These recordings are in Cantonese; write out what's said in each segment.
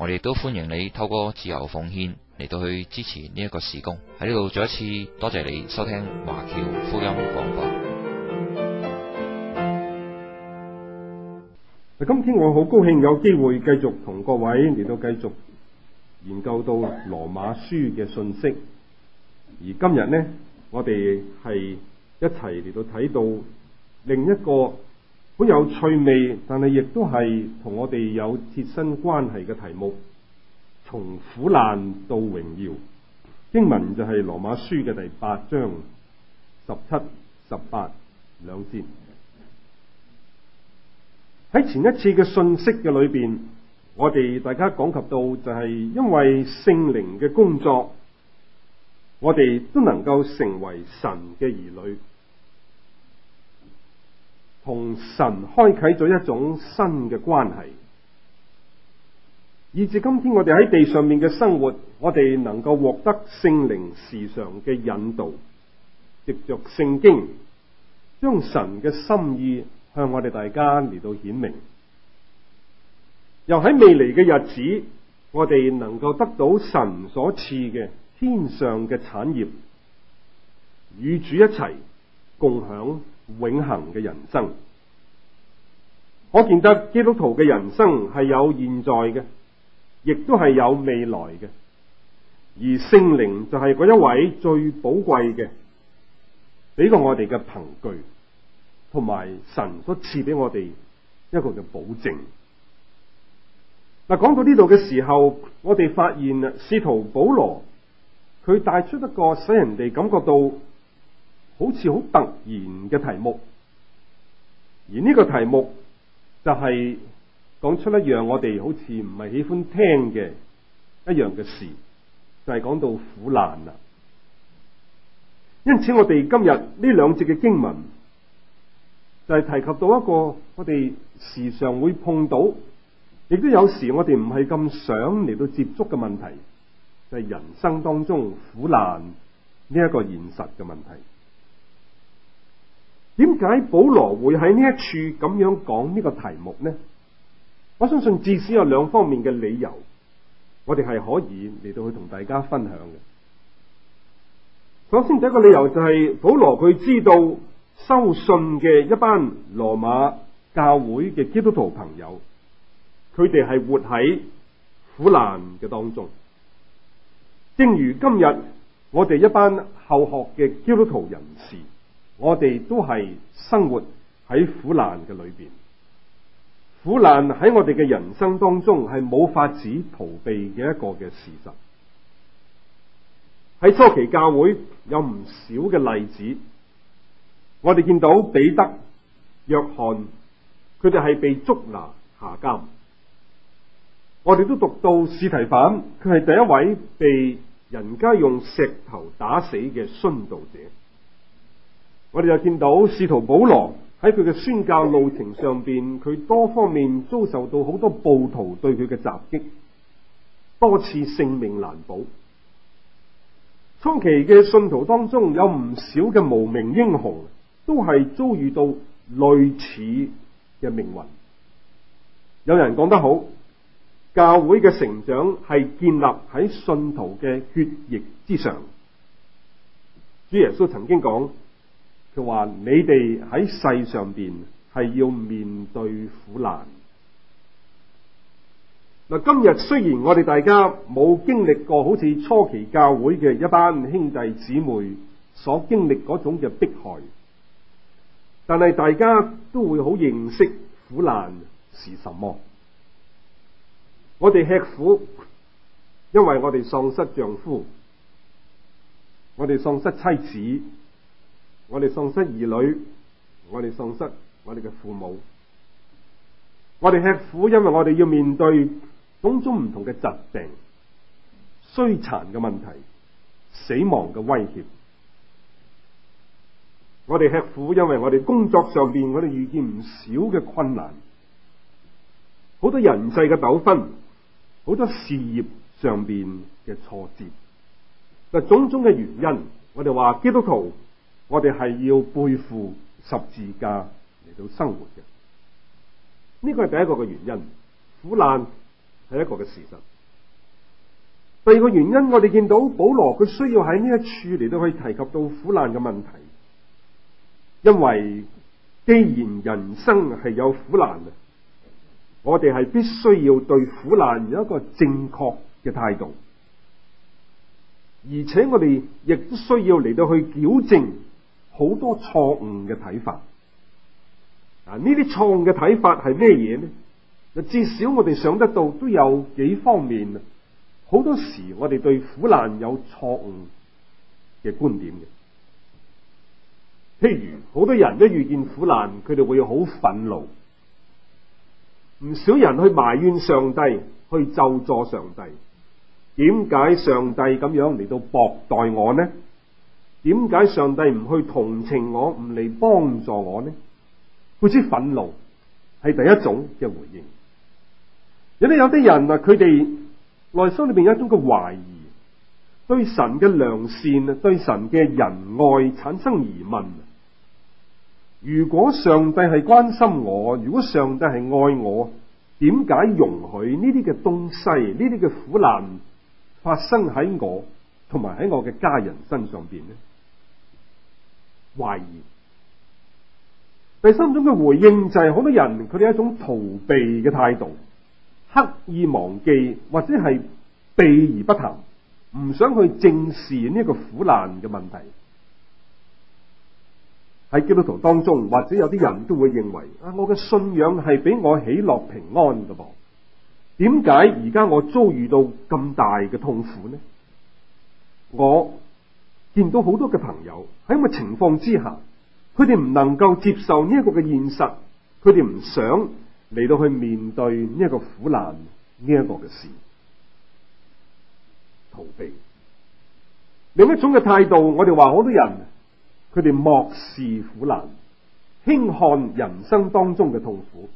我哋都歡迎你透過自由奉獻嚟到去支持呢一個事工。喺呢度再一次多謝你收聽華僑福音廣播。嗱，今天我好高興有機會繼續同各位嚟到繼續研究到羅馬書嘅信息，而今日呢，我哋係一齊嚟到睇到另一個。好有趣味，但係亦都係同我哋有切身關係嘅題目。從苦難到榮耀，經文就係羅馬書嘅第八章十七、十八兩節。喺前一次嘅信息嘅裏邊，我哋大家講及到就係因為聖靈嘅工作，我哋都能夠成為神嘅兒女。同神開啟咗一種新嘅關係，以至今天我哋喺地上面嘅生活，我哋能夠獲得聖靈時常嘅引導，藉着聖經將神嘅心意向我哋大家嚟到顯明。又喺未來嘅日子，我哋能夠得到神所賜嘅天上嘅產業，與主一齊共享。永恆嘅人生，我見得基督徒嘅人生係有現在嘅，亦都係有未來嘅。而聖靈就係嗰一位最寶貴嘅，俾過我哋嘅憑據，同埋神都賜俾我哋一個嘅保證。嗱，講到呢度嘅時候，我哋發現啊，使徒保羅佢帶出一個使人哋感覺到。好似好突然嘅題目，而呢個題目就係講出一樣我哋好似唔係喜歡聽嘅一樣嘅事，就係講到苦難啦。因此，我哋今日呢兩節嘅經文就係提及到一個我哋時常會碰到，亦都有時我哋唔係咁想嚟到接觸嘅問題，就係人生當中苦難呢一個現實嘅問題。點解保羅會喺呢一處咁樣講呢個題目呢？我相信至少有兩方面嘅理由，我哋係可以嚟到去同大家分享嘅。首先第一個理由就係保羅佢知道收信嘅一班羅馬教會嘅基督徒朋友，佢哋係活喺苦難嘅當中，正如今日我哋一班後學嘅基督徒人士。我哋都係生活喺苦難嘅裏邊，苦難喺我哋嘅人生當中係冇法子逃避嘅一個嘅事實。喺初期教會有唔少嘅例子，我哋見到彼得、約翰，佢哋係被捉拿下監。我哋都讀到司提反，佢係第一位被人家用石頭打死嘅殉道者。我哋又見到使徒保羅喺佢嘅宣教路程上邊，佢多方面遭受到好多暴徒對佢嘅襲擊，多次性命難保。初期嘅信徒當中有唔少嘅無名英雄，都係遭遇到類似嘅命運。有人講得好，教會嘅成長係建立喺信徒嘅血液之上。主耶穌曾經講。佢話：你哋喺世上邊係要面對苦難。嗱，今日雖然我哋大家冇經歷過好似初期教會嘅一班兄弟姊妹所經歷嗰種嘅迫害，但係大家都會好認識苦難是什麼。我哋吃苦，因為我哋喪失丈夫，我哋喪失妻子。我哋喪失兒女，我哋喪失我哋嘅父母，我哋吃苦，因為我哋要面對種種唔同嘅疾病、衰殘嘅問題、死亡嘅威脅。我哋吃苦，因為我哋工作上邊，我哋遇見唔少嘅困難，好多人世嘅糾紛，好多事業上邊嘅挫折，嗱，種種嘅原因，我哋話基督徒。我哋係要背負十字架嚟到生活嘅，呢個係第一個嘅原因。苦難係一個嘅事實。第二個原因，我哋見到保羅佢需要喺呢一處嚟到去提及到苦難嘅問題，因為既然人生係有苦難，我哋係必須要對苦難有一個正確嘅態度，而且我哋亦都需要嚟到去矯正。好多錯誤嘅睇法啊。呢啲錯誤嘅睇法係咩嘢呢？就至少我哋想得到都有幾方面。好多時我哋對苦難有錯誤嘅觀點嘅，譬如好多人一遇見苦難，佢哋會好憤怒，唔少人去埋怨上帝，去咒詛上帝。點解上帝咁樣嚟到薄待我呢？點解上帝唔去同情我，唔嚟幫助我呢？好似憤怒係第一種嘅回應。有啲有啲人啊，佢哋內心裏邊有一種嘅懷疑，對神嘅良善啊，對神嘅仁愛產生疑問。如果上帝係關心我，如果上帝係愛我，點解容許呢啲嘅東西，呢啲嘅苦難發生喺我同埋喺我嘅家人身上邊呢？懷疑，第三種嘅回應就係好多人佢哋一種逃避嘅態度，刻意忘記或者係避而不談，唔想去正視呢個苦難嘅問題。喺基督徒當中或者有啲人都會認為啊，我嘅信仰係俾我喜樂平安噶噃，點解而家我遭遇到咁大嘅痛苦呢？我。見到好多嘅朋友喺咁嘅情況之下，佢哋唔能夠接受呢一個嘅現實，佢哋唔想嚟到去面對呢一個苦難呢一個嘅事，逃避。另一種嘅態度，我哋話好多人，佢哋漠視苦難，輕看人生當中嘅痛苦，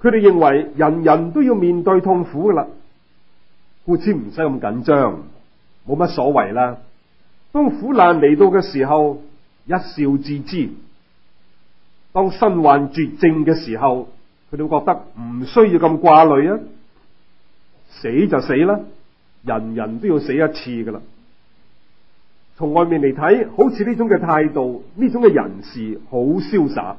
佢哋認為人人都要面對痛苦噶啦，故此唔使咁緊張，冇乜所謂啦。當苦難嚟到嘅時候，一笑置之；當身患絕症嘅時候，佢哋會覺得唔需要咁掛慮啊！死就死啦，人人都要死一次噶啦。從外面嚟睇，好似呢種嘅態度，呢種嘅人是好瀟灑。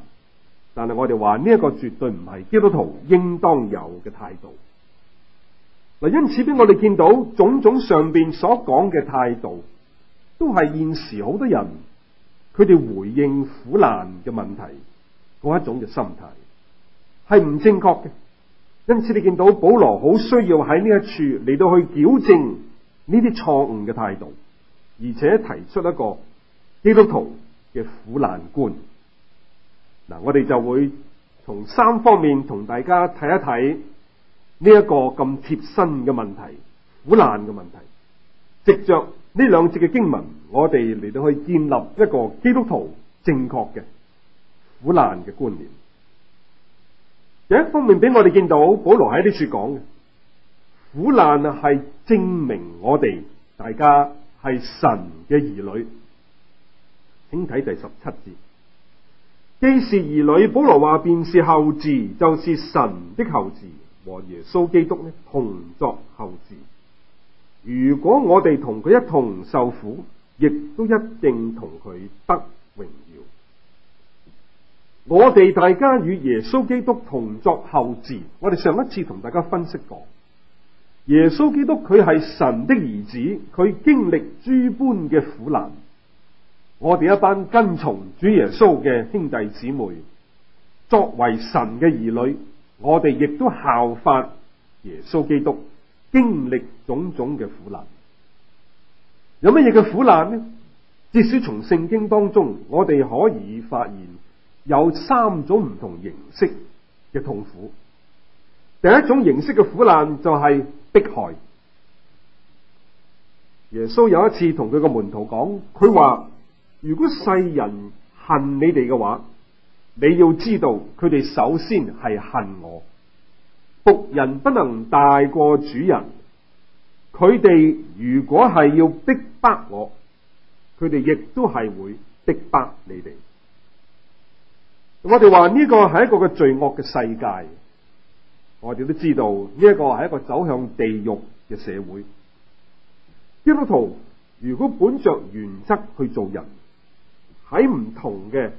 但係我哋話呢一個絕對唔係基督徒應當有嘅態度。嗱，因此俾我哋見到種種上面所講嘅態度。都係現時好多人佢哋回應苦難嘅問題嗰一種嘅心態係唔正確嘅，因此你見到保羅好需要喺呢一處嚟到去矯正呢啲錯誤嘅態度，而且提出一個基督徒嘅苦難觀。嗱，我哋就會從三方面同大家睇一睇呢一個咁貼身嘅問題，苦難嘅問題，執着。呢兩節嘅經文，我哋嚟到去建立一個基督徒正確嘅苦難嘅觀念。有一方面俾我哋見到，保羅喺呢處講嘅苦難係證明我哋大家係神嘅兒女。請睇第十七節，既是兒女，保羅話，便是後嗣，就是神的後嗣，和耶穌基督呢同作後嗣。」如果我哋同佢一同受苦，亦都一定同佢得榮耀。我哋大家與耶穌基督同作後嗣，我哋上一次同大家分析過，耶穌基督佢係神的兒子，佢經歷諸般嘅苦難。我哋一班跟從主耶穌嘅兄弟姊妹，作為神嘅兒女，我哋亦都效法耶穌基督。經歷種種嘅苦難，有乜嘢嘅苦難呢？至少從聖經當中，我哋可以發現有三種唔同形式嘅痛苦。第一種形式嘅苦難就係迫害。耶穌有一次同佢個門徒講，佢話：如果世人恨你哋嘅話，你要知道佢哋首先係恨我。僕人不能大過主人，佢哋如果係要逼迫我，佢哋亦都係會逼迫你哋。我哋話呢個係一個嘅罪惡嘅世界，我哋都知道呢一個係一個走向地獄嘅社會。基督徒如果本着原則去做人，喺唔同嘅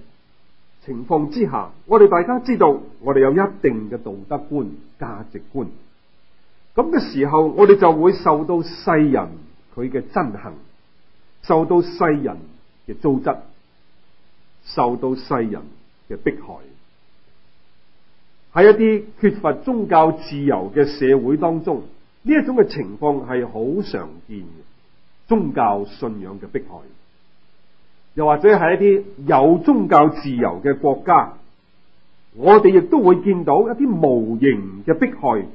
情況之下，我哋大家知道，我哋有一定嘅道德觀、價值觀。咁嘅時候，我哋就會受到世人佢嘅憎恨，受到世人嘅糟質，受到世人嘅迫害。喺一啲缺乏宗教自由嘅社會當中，呢一種嘅情況係好常見嘅，宗教信仰嘅迫害。又或者係一啲有宗教自由嘅國家，我哋亦都會見到一啲無形嘅迫害、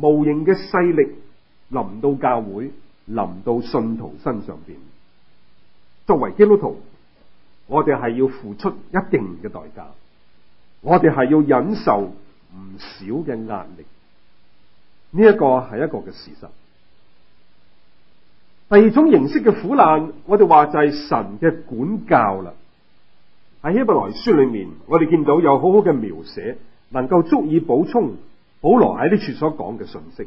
無形嘅勢力臨到教會、臨到信徒身上邊。作為基督徒，我哋係要付出一定嘅代價，我哋係要忍受唔少嘅壓力，呢、這個、一個係一個嘅事實。第二種形式嘅苦難，我哋話就係神嘅管教啦。喺希伯來書裏面，我哋見到有好好嘅描寫，能夠足以補充保羅喺呢處所講嘅信息。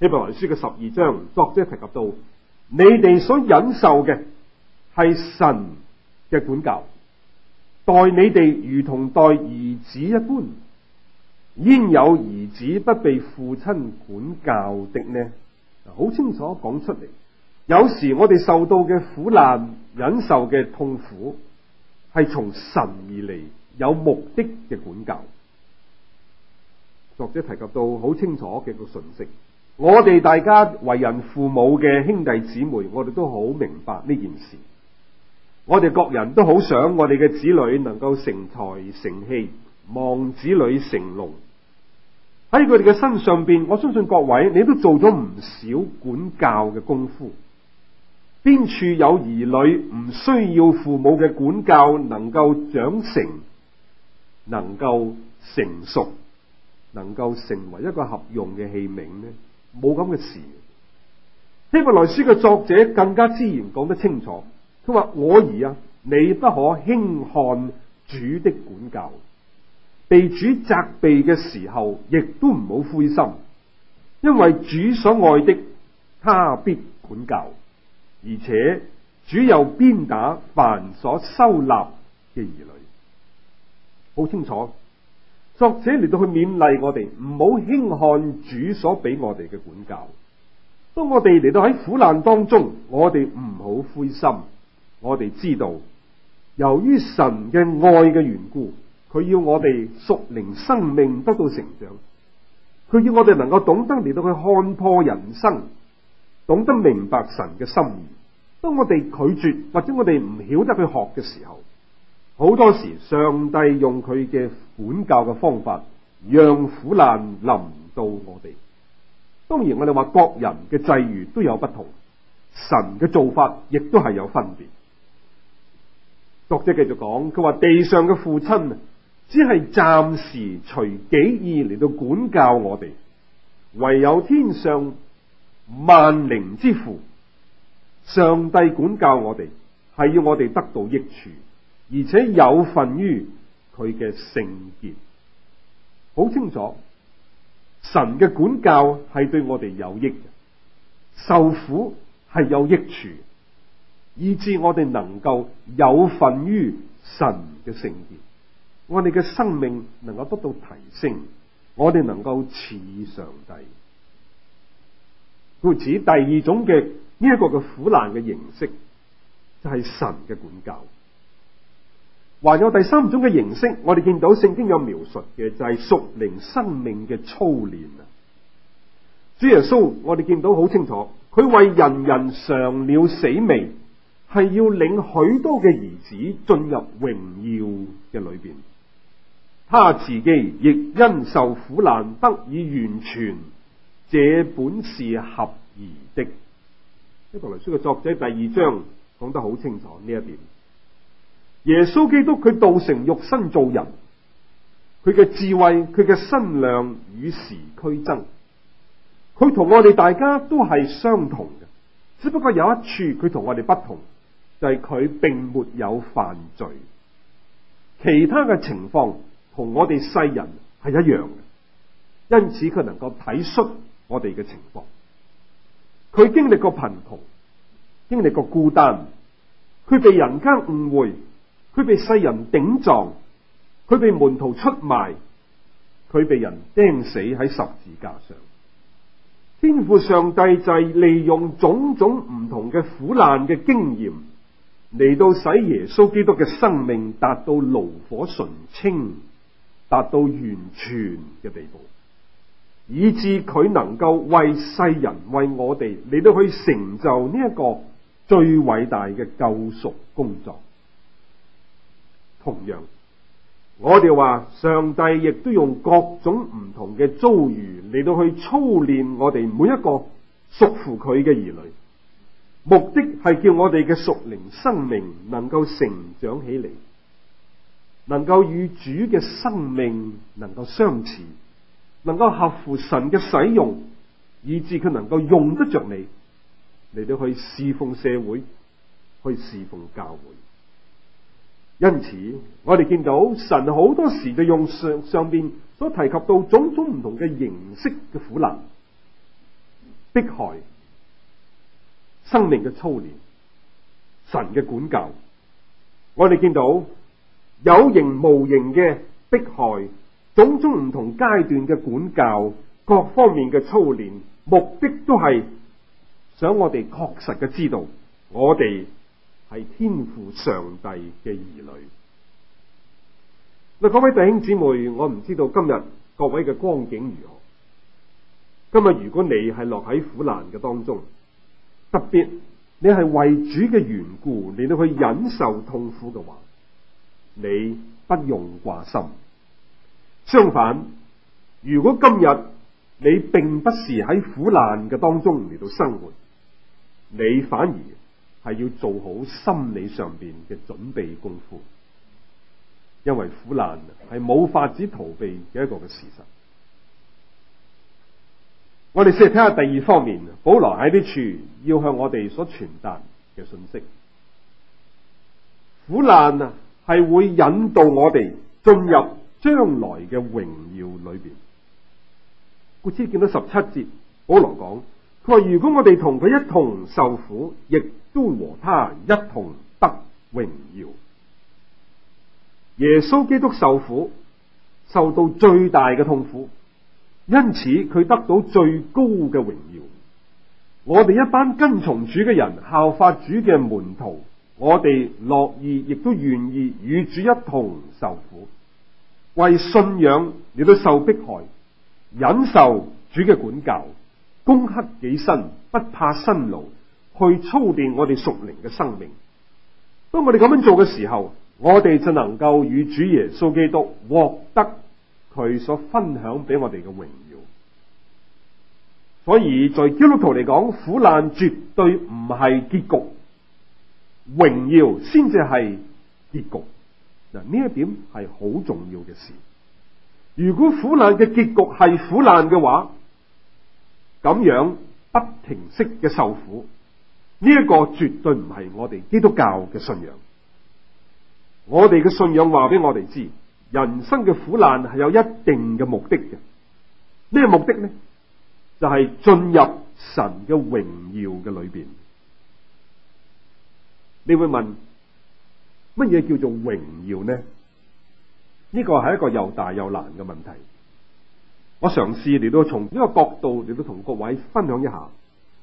希伯來書嘅十二章，作者提及到你哋所忍受嘅係神嘅管教，待你哋如同待兒子一般，焉有兒子不被父親管教的呢？好清楚講出嚟，有時我哋受到嘅苦難，忍受嘅痛苦，係從神而嚟，有目的嘅管教。作者提及到好清楚嘅個訊息，我哋大家為人父母嘅兄弟姊妹，我哋都好明白呢件事。我哋各人都好想我哋嘅子女能夠成才成器，望子女成龍。喺佢哋嘅身上邊，我相信各位你都做咗唔少管教嘅功夫。邊處有兒女唔需要父母嘅管教，能夠長成、能夠成熟、能夠成為一個合用嘅器皿呢？冇咁嘅事。希伯來書嘅作者更加直言講得清楚，佢話，我兒啊，你不可輕看主的管教，被主責備嘅時候，亦都唔好灰心，因為主所愛的，他必管教，而且主有鞭打凡所收納嘅兒女，好清楚。作者嚟到去勉勵我哋，唔好輕看主所俾我哋嘅管教。當我哋嚟到喺苦難當中，我哋唔好灰心，我哋知道，由於神嘅愛嘅緣故。佢要我哋屬靈生命得到成長，佢要我哋能夠懂得嚟到去看破人生，懂得明白神嘅心意。當我哋拒絕或者我哋唔曉得去學嘅時候，好多時上帝用佢嘅管教嘅方法，讓苦難臨到我哋。當然我哋話各人嘅際遇都有不同，神嘅做法亦都係有分別。作者繼續講，佢話地上嘅父親。只係暫時隨己意嚟到管教我哋，唯有天上萬靈之父上帝管教我哋，係要我哋得到益處，而且有份於佢嘅聖潔，好清楚。神嘅管教係對我哋有益嘅，受苦係有益處，以至我哋能夠有份於神嘅聖潔。我哋嘅生命能夠得到提升，我哋能夠似上帝。故此，第二種嘅呢一個嘅苦難嘅形式，就係神嘅管教。還有第三種嘅形式，我哋見到聖經有描述嘅，就係屬靈生命嘅操練啊！主耶穌，我哋見到好清楚，佢為人人嘗了死味，係要領許多嘅兒子進入榮耀嘅裏邊。他自己亦因受苦難得以完全，這本是合宜的。希伯來書嘅作者第二章講得好清楚呢一點。耶穌基督佢道成肉身做人，佢嘅智慧、佢嘅身量與時俱增，佢同我哋大家都係相同嘅，只不過有一處佢同我哋不同，就係、是、佢並沒有犯罪，其他嘅情況，同我哋世人係一樣嘅，因此佢能夠體恤我哋嘅情況。佢經歷過貧窮，經歷過孤單，佢被人間誤會，佢被世人頂撞，佢被門徒出賣，佢被人釘死喺十字架上。天父上帝就係利用種種唔同嘅苦難嘅經驗，嚟到使耶穌基督嘅生命達到爐火純青。達到完全嘅地步，以致佢能夠為世人、為我哋，嚟到去成就呢一個最偉大嘅救贖工作。同樣，我哋話上帝亦都用各種唔同嘅遭遇嚟到去操練我哋每一個屬乎佢嘅兒女，目的係叫我哋嘅屬靈生命能夠成長起嚟。能夠與主嘅生命能夠相似，能夠合乎神嘅使用，以至佢能夠用得着你，嚟到去侍奉社會，去侍奉教會。因此，我哋見到神好多時就用上上面所提及到種種唔同嘅形式嘅苦難、迫害、生命嘅操練、神嘅管教，我哋見到。有形無形嘅迫害，種種唔同階段嘅管教，各方面嘅操練，目的都係想我哋確實嘅知道，我哋係天父上帝嘅兒女。嗱，各位弟兄姊妹，我唔知道今日各位嘅光景如何。今日如果你係落喺苦難嘅當中，特別你係為主嘅緣故，你去忍受痛苦嘅話。你不用掛心。相反，如果今日你並不是喺苦難嘅當中嚟到生活，你反而係要做好心理上邊嘅準備功夫，因為苦難係冇法子逃避嘅一個嘅事實。我哋先嚟睇下第二方面，保羅喺呢處要向我哋所傳達嘅信息，苦難啊，係會引導我哋進入將來嘅榮耀裏邊。故此見到十七節，保羅講：佢話如果我哋同佢一同受苦，亦都和他一同得榮耀。耶穌基督受苦，受到最大嘅痛苦，因此佢得到最高嘅榮耀。我哋一班跟從主嘅人，效法主嘅門徒。我哋樂意，亦都願意與主一同受苦，為信仰亦都受迫害，忍受主嘅管教，攻克己身，不怕辛勞，去操練我哋屬靈嘅生命。當我哋咁樣做嘅時候，我哋就能夠與主耶穌基督獲得佢所分享俾我哋嘅榮耀。所以在基督徒嚟講，苦難絕對唔係結局。榮耀先至係結局，嗱，呢一點係好重要嘅事。如果苦難嘅結局係苦難嘅話，咁樣不停息嘅受苦，呢、這、一個絕對唔係我哋基督教嘅信仰。我哋嘅信仰話俾我哋知，人生嘅苦難係有一定嘅目的嘅。咩目的呢？就係、是、進入神嘅榮耀嘅裏面。你會問，乜嘢叫做榮耀呢？呢個係一個又大又難嘅問題。我嘗試嚟到從呢個角度嚟到同各位分享一下，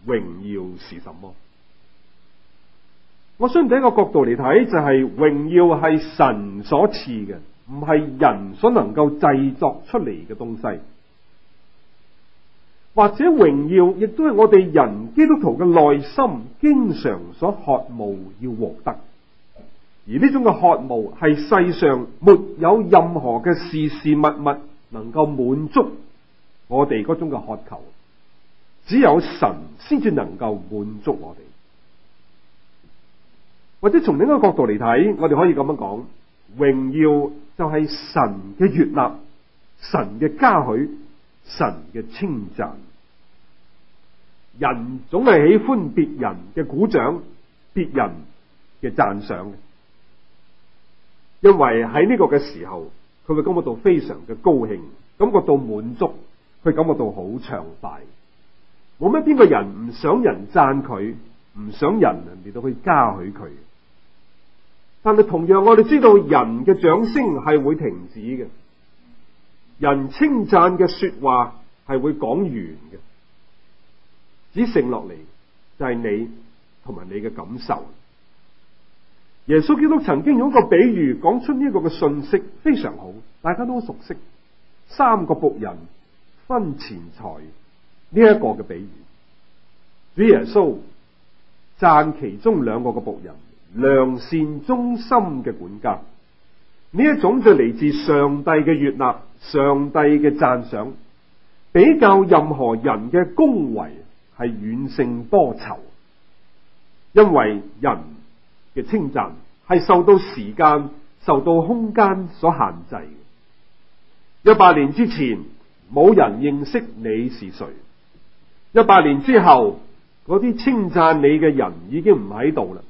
榮耀是什麼？我相對一個角度嚟睇就係、是、榮耀係神所賜嘅，唔係人所能夠製作出嚟嘅東西。或者榮耀，亦都係我哋人基督徒嘅內心經常所渴慕要獲得。而呢種嘅渴慕係世上沒有任何嘅事事物物能夠滿足我哋嗰種嘅渴求，只有神先至能夠滿足我哋。或者從另一個角度嚟睇，我哋可以咁樣講：榮耀就係神嘅悅納，神嘅嘉許。神嘅稱讚，人總係喜歡別人嘅鼓掌，別人嘅讚賞，因為喺呢個嘅時候，佢會感覺到非常嘅高興，感覺到滿足，佢感覺到好暢快。冇乜邊個人唔想人讚佢，唔想人人哋都去嘉許佢。但係同樣，我哋知道人嘅掌聲係會停止嘅。人稱讚嘅說話係會講完嘅，只剩落嚟，就係你同埋你嘅感受。耶穌基督曾經用一個比喻講出呢個嘅信息，非常好，大家都熟悉。三個僕人分錢財呢一個嘅比喻，主耶穌讚其中兩個嘅僕人良善忠心嘅管家。呢一種就嚟自上帝嘅悅納，上帝嘅讚賞，比較任何人嘅恭維係遠勝多籌，因為人嘅稱讚係受到時間、受到空間所限制嘅。一百年之前冇人認識你是誰，一百年之後嗰啲稱讚你嘅人已經唔喺度啦。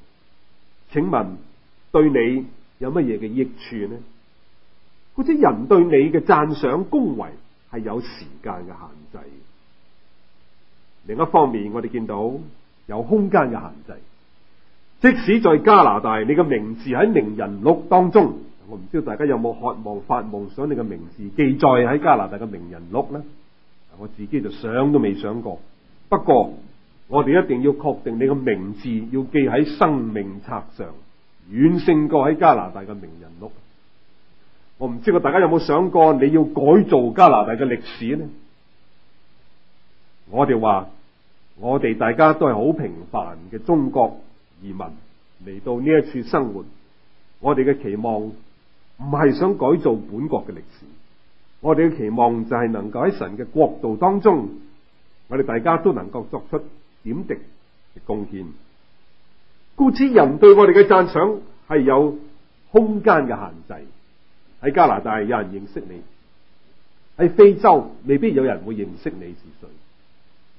請問對你，有乜嘢嘅益處呢？或者人對你嘅贊賞、恭維係有時間嘅限制。另一方面，我哋見到有空間嘅限制。即使在加拿大，你嘅名字喺名人錄當中，我唔知道大家有冇渴望發夢想你嘅名字記載喺加拿大嘅名人錄呢？我自己就想都未想過。不過我哋一定要確定你嘅名字要記喺生命冊上。遠勝過喺加拿大嘅名人屋。我唔知道大家有冇想過，你要改造加拿大嘅歷史呢？我哋話，我哋大家都係好平凡嘅中國移民嚟到呢一處生活。我哋嘅期望唔係想改造本國嘅歷史，我哋嘅期望就係能夠喺神嘅國度當中，我哋大家都能夠作出點滴嘅貢獻。故此，人對我哋嘅讚賞係有空間嘅限制。喺加拿大有人認識你，喺非洲未必有人會認識你是誰。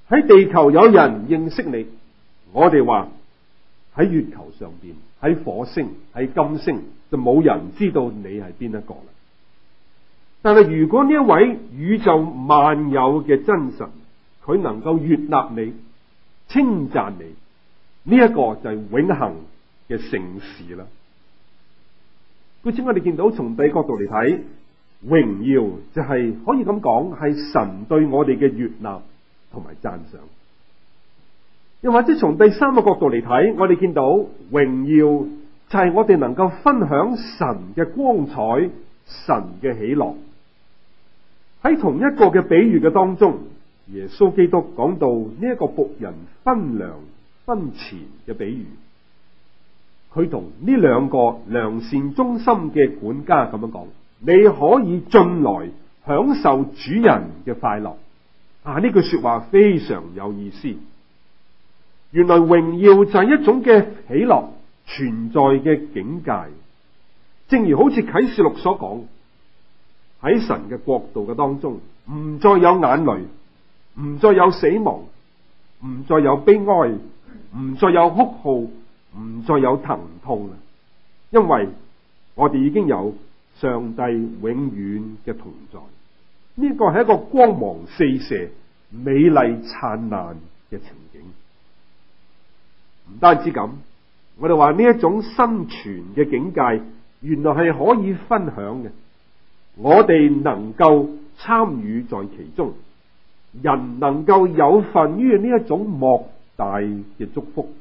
喺地球有人認識你，我哋話喺月球上邊、喺火星、喺金星就冇人知道你係邊一個啦。但係如果呢一位宇宙萬有嘅真神，佢能夠悅納你、稱讚你。呢一個就係永恒嘅城市啦。好似我哋見到，從第二角度嚟睇，榮耀就係、是、可以咁講，係神對我哋嘅悅納同埋讚賞。又或者從第三個角度嚟睇，我哋見到榮耀就係我哋能夠分享神嘅光彩、神嘅喜樂。喺同一個嘅比喻嘅當中，耶穌基督講到呢一個僕人分糧。婚前嘅比喻，佢同呢兩個良善忠心嘅管家咁樣講：你可以進來享受主人嘅快樂啊！呢句說話非常有意思。原來榮耀就係一種嘅喜樂存在嘅境界，正如好似啟示錄所講，喺神嘅國度嘅當中，唔再有眼淚，唔再有死亡，唔再有悲哀。唔再有哭號，唔再有疼痛啦，因為我哋已經有上帝永遠嘅同在，呢個係一個光芒四射、美麗燦爛嘅情景。唔單止咁，我哋話呢一種生存嘅境界，原來係可以分享嘅，我哋能夠參與在其中，人能夠有份於呢一種莫。大嘅祝福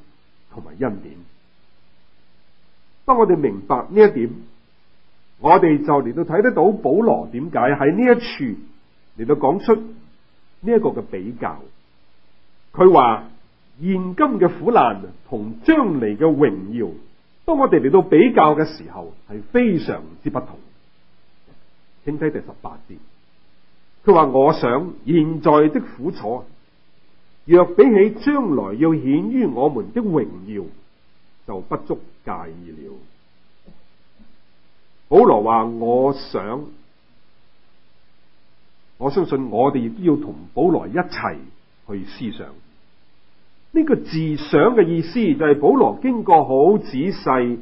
同埋恩典。當我哋明白呢一點，我哋就嚟到睇得到保羅點解喺呢一處嚟到講出呢一個嘅比較。佢話現今嘅苦難同將來嘅榮耀，當我哋嚟到比較嘅時候，係非常之不同。請睇第十八節，佢話我想現在的苦楚。若比起將來要顯於我們的榮耀，就不足介意了。保羅話：我想，我相信我哋亦都要同保羅一齊去思想呢、呢個自想嘅意思，就係保羅經過好仔細、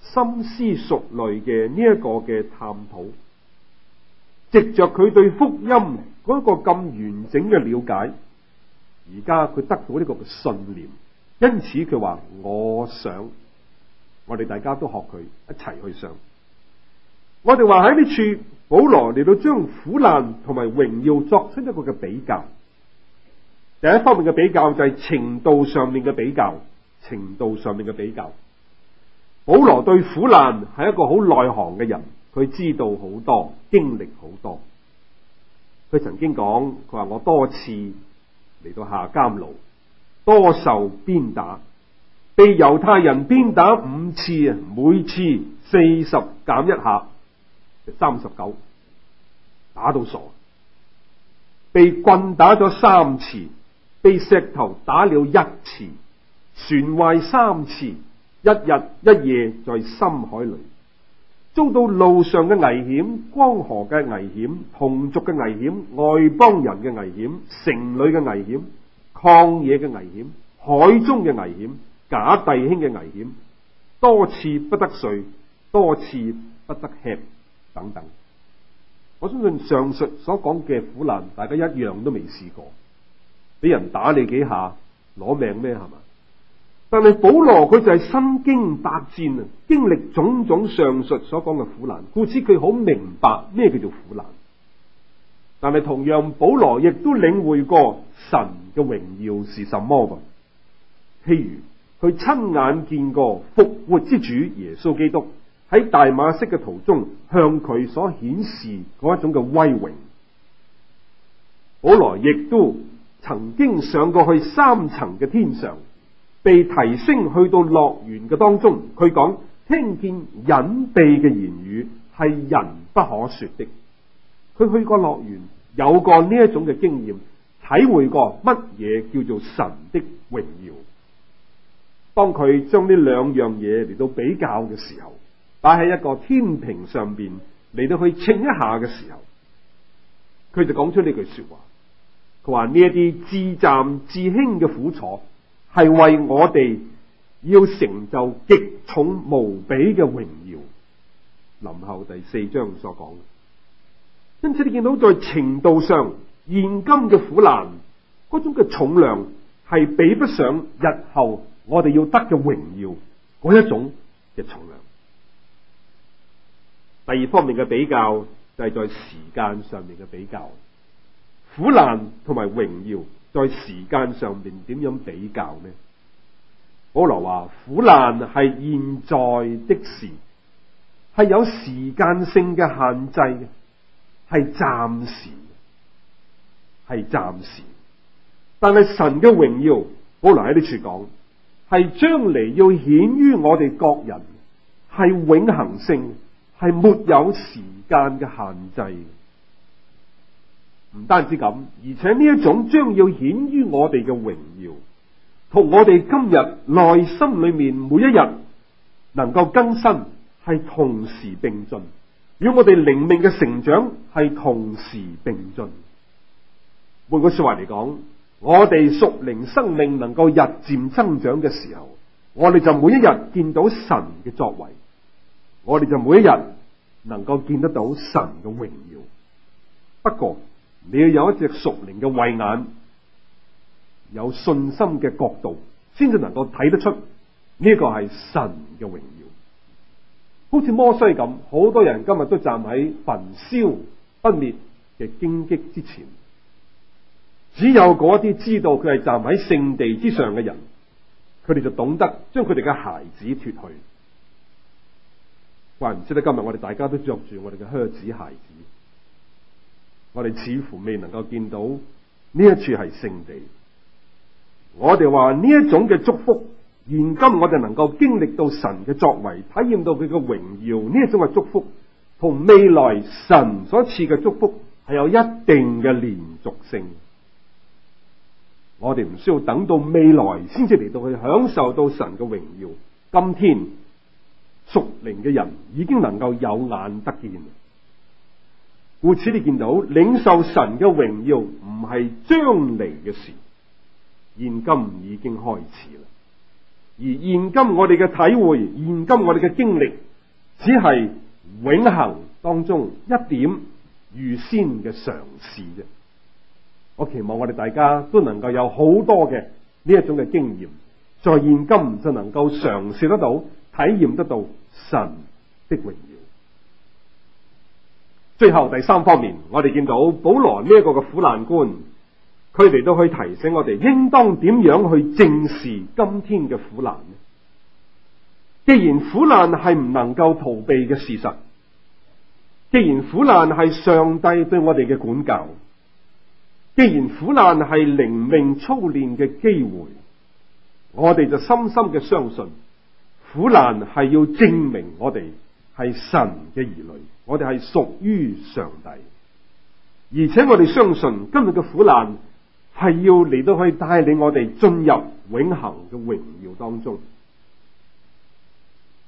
深思熟慮嘅呢一個嘅探討，藉着佢對福音嗰個咁完整嘅了解。而家佢得到呢個信念，因此佢話：我想我哋大家都學佢一齊去上。我哋話喺呢處，保羅嚟到將苦難同埋榮耀作出一個嘅比較。第一方面嘅比較就係程度上面嘅比較，程度上面嘅比較。保羅對苦難係一個好內行嘅人，佢知道好多，經歷好多。佢曾經講：佢話我多次。嚟到下監牢，多受鞭打，被猶太人鞭打五次啊，每次四十減一下，三十九，打到傻。被棍打咗三次，被石頭打了一次，船壞三次，一日一夜在深海裏。遭到路上嘅危險、江河嘅危險、同族嘅危險、外邦人嘅危險、城裏嘅危險、曠野嘅危險、海中嘅危險、假弟兄嘅危險，多次不得睡，多次不得吃，等等。我相信上述所講嘅苦難，大家一樣都未試過，俾人打你幾下，攞命咩係嘛？但係保羅佢就係身經百戰啊，經歷種種上述所講嘅苦難，故此佢好明白咩叫做苦難。但係同樣保羅亦都領會過神嘅榮耀是什麼噃？譬如佢親眼見過復活之主耶穌基督喺大馬色嘅途中向佢所顯示嗰一種嘅威榮。保羅亦都曾經上過去三層嘅天上。被提升去到樂園嘅當中，佢講，聽見隱祕嘅言語係，人不可說的。佢去過樂園，有過呢一種嘅經驗，體會過乜嘢叫做神的榮耀。當佢將呢兩樣嘢嚟到比較嘅時候，擺喺一個天平上面嚟到去稱一下嘅時候，佢就講出呢句說話。佢話呢一啲至暫至輕嘅苦楚。係為我哋要成就極重無比嘅榮耀，林後第四章所講。因此你見到在程度上，現今嘅苦難嗰種嘅重量，係比不上日後我哋要得嘅榮耀嗰一種嘅重量。第二方面嘅比較就係在時間上面嘅比較，苦難同埋榮耀。在時間上邊點樣比較呢？保羅話，苦難係現在的事，係有時間性嘅限制嘅，係暫時嘅，係暫時。但係神嘅榮耀，保羅喺呢處講，係將來要顯於我哋各人，係永恒性，係沒有時間嘅限制。唔單止咁，而且呢一種將要顯於我哋嘅榮耀，同我哋今日內心裏面每一日能夠更新係同時並進，與我哋靈命嘅成長係同時並進。換句說話嚟講，我哋屬靈生命能夠日漸增長嘅時候，我哋就每一日見到神嘅作為，我哋就每一日能夠見得到神嘅榮耀。不過，你要有一隻屬靈嘅慧眼，有信心嘅角度，先至能夠睇得出呢個係神嘅榮耀。好似摩西咁，好多人今日都站喺焚燒不滅嘅荊棘之前，只有嗰啲知道佢係站喺聖地之上嘅人，佢哋就懂得將佢哋嘅鞋子脫去。怪唔知得今日我哋大家都着住我哋嘅靴子鞋子。我哋似乎未能夠見到呢一處係聖地。我哋話呢一種嘅祝福，現今我哋能夠經歷到神嘅作為，體驗到佢嘅榮耀，呢一種嘅祝福同未來神所賜嘅祝福係有一定嘅連續性。我哋唔需要等到未來先至嚟到去享受到神嘅榮耀。今天屬靈嘅人已經能夠有眼得見。故此，你見到領受神嘅榮耀唔係將嚟嘅事，現今已經開始啦。而現今我哋嘅體會，現今我哋嘅經歷，只係永恆當中一點預先嘅嘗試啫。我期望我哋大家都能夠有好多嘅呢一種嘅經驗，在現今就能夠嘗試得到、體驗得到神的榮耀。最後第三方面，我哋見到保羅呢一個嘅苦難觀，佢哋都可以提醒我哋，應當點樣去正視今天嘅苦難呢？既然苦難係唔能夠逃避嘅事實，既然苦難係上帝對我哋嘅管教，既然苦難係靈命操練嘅機會，我哋就深深嘅相信，苦難係要證明我哋係神嘅兒女，我哋係屬於上帝，而且我哋相信今日嘅苦難係要嚟到去帶領我哋進入永恆嘅榮耀當中。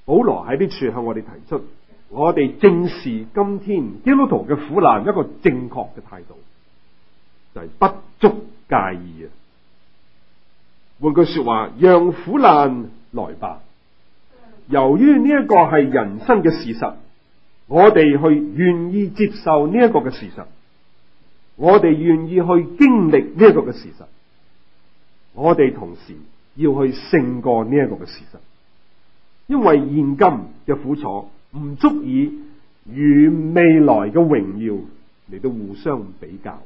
保羅喺呢處向我哋提出，我哋正視今天基督徒嘅苦難一個正確嘅態度，就係、是、不足介意啊！換句說話，讓苦難來吧。由於呢一個係人生嘅事實，我哋去願意接受呢一個嘅事實，我哋願意去經歷呢一個嘅事實，我哋同時要去勝過呢一個嘅事實，因為現今嘅苦楚唔足以與未來嘅榮耀嚟到互相比較。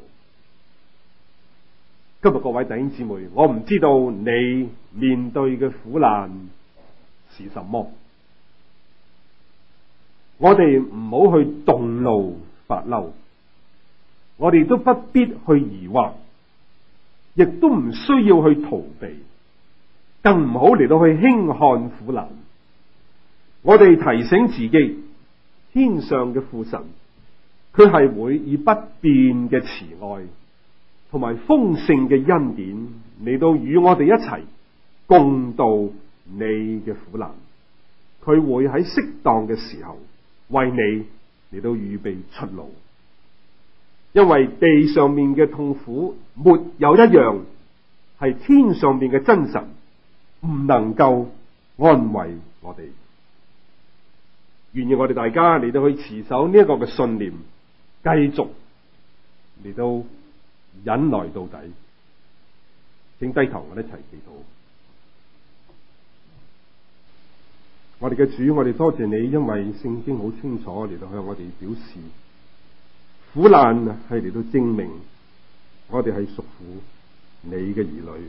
今日各位弟兄姊妹，我唔知道你面對嘅苦難。是什麼？我哋唔好去動怒發嬲，我哋都不必去疑惑，亦都唔需要去逃避，更唔好嚟到去輕看苦難。我哋提醒自己，天上嘅父神，佢係會以不變嘅慈愛，同埋豐盛嘅恩典嚟到與我哋一齊共度。你嘅苦難，佢會喺適當嘅時候為你，嚟到預備出路。因為地上面嘅痛苦，沒有一樣係天上面嘅真神唔能夠安慰我哋。願意我哋大家嚟到去持守呢一個嘅信念，繼續嚟到忍耐到底，請低頭我哋一齊祈禱。我哋嘅主，我哋多謝你，因為聖經好清楚嚟到向我哋表示，苦難係嚟到證明我哋係屬乎你嘅兒女。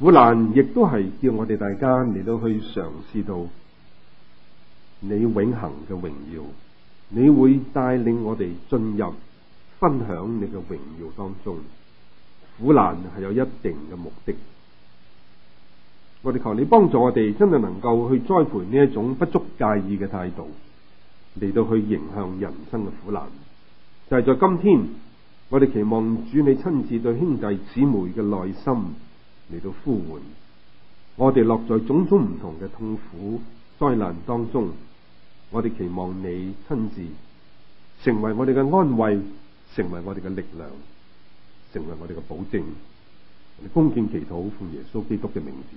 苦難亦都係叫我哋大家嚟到去嘗試到你永恒嘅榮耀。你會帶領我哋進入分享你嘅榮耀當中。苦難係有一定嘅目的。我哋求你幫助我哋，真係能夠去栽培呢一種不足介意嘅態度，嚟到去迎向人生嘅苦難。就係在今天，我哋期望主你親自對兄弟姊妹嘅內心嚟到呼喚。我哋落在種種唔同嘅痛苦災難當中，我哋期望你親自成為我哋嘅安慰，成為我哋嘅力量，成為我哋嘅保證。我哋恭敬祈禱，奉耶穌基督嘅名字。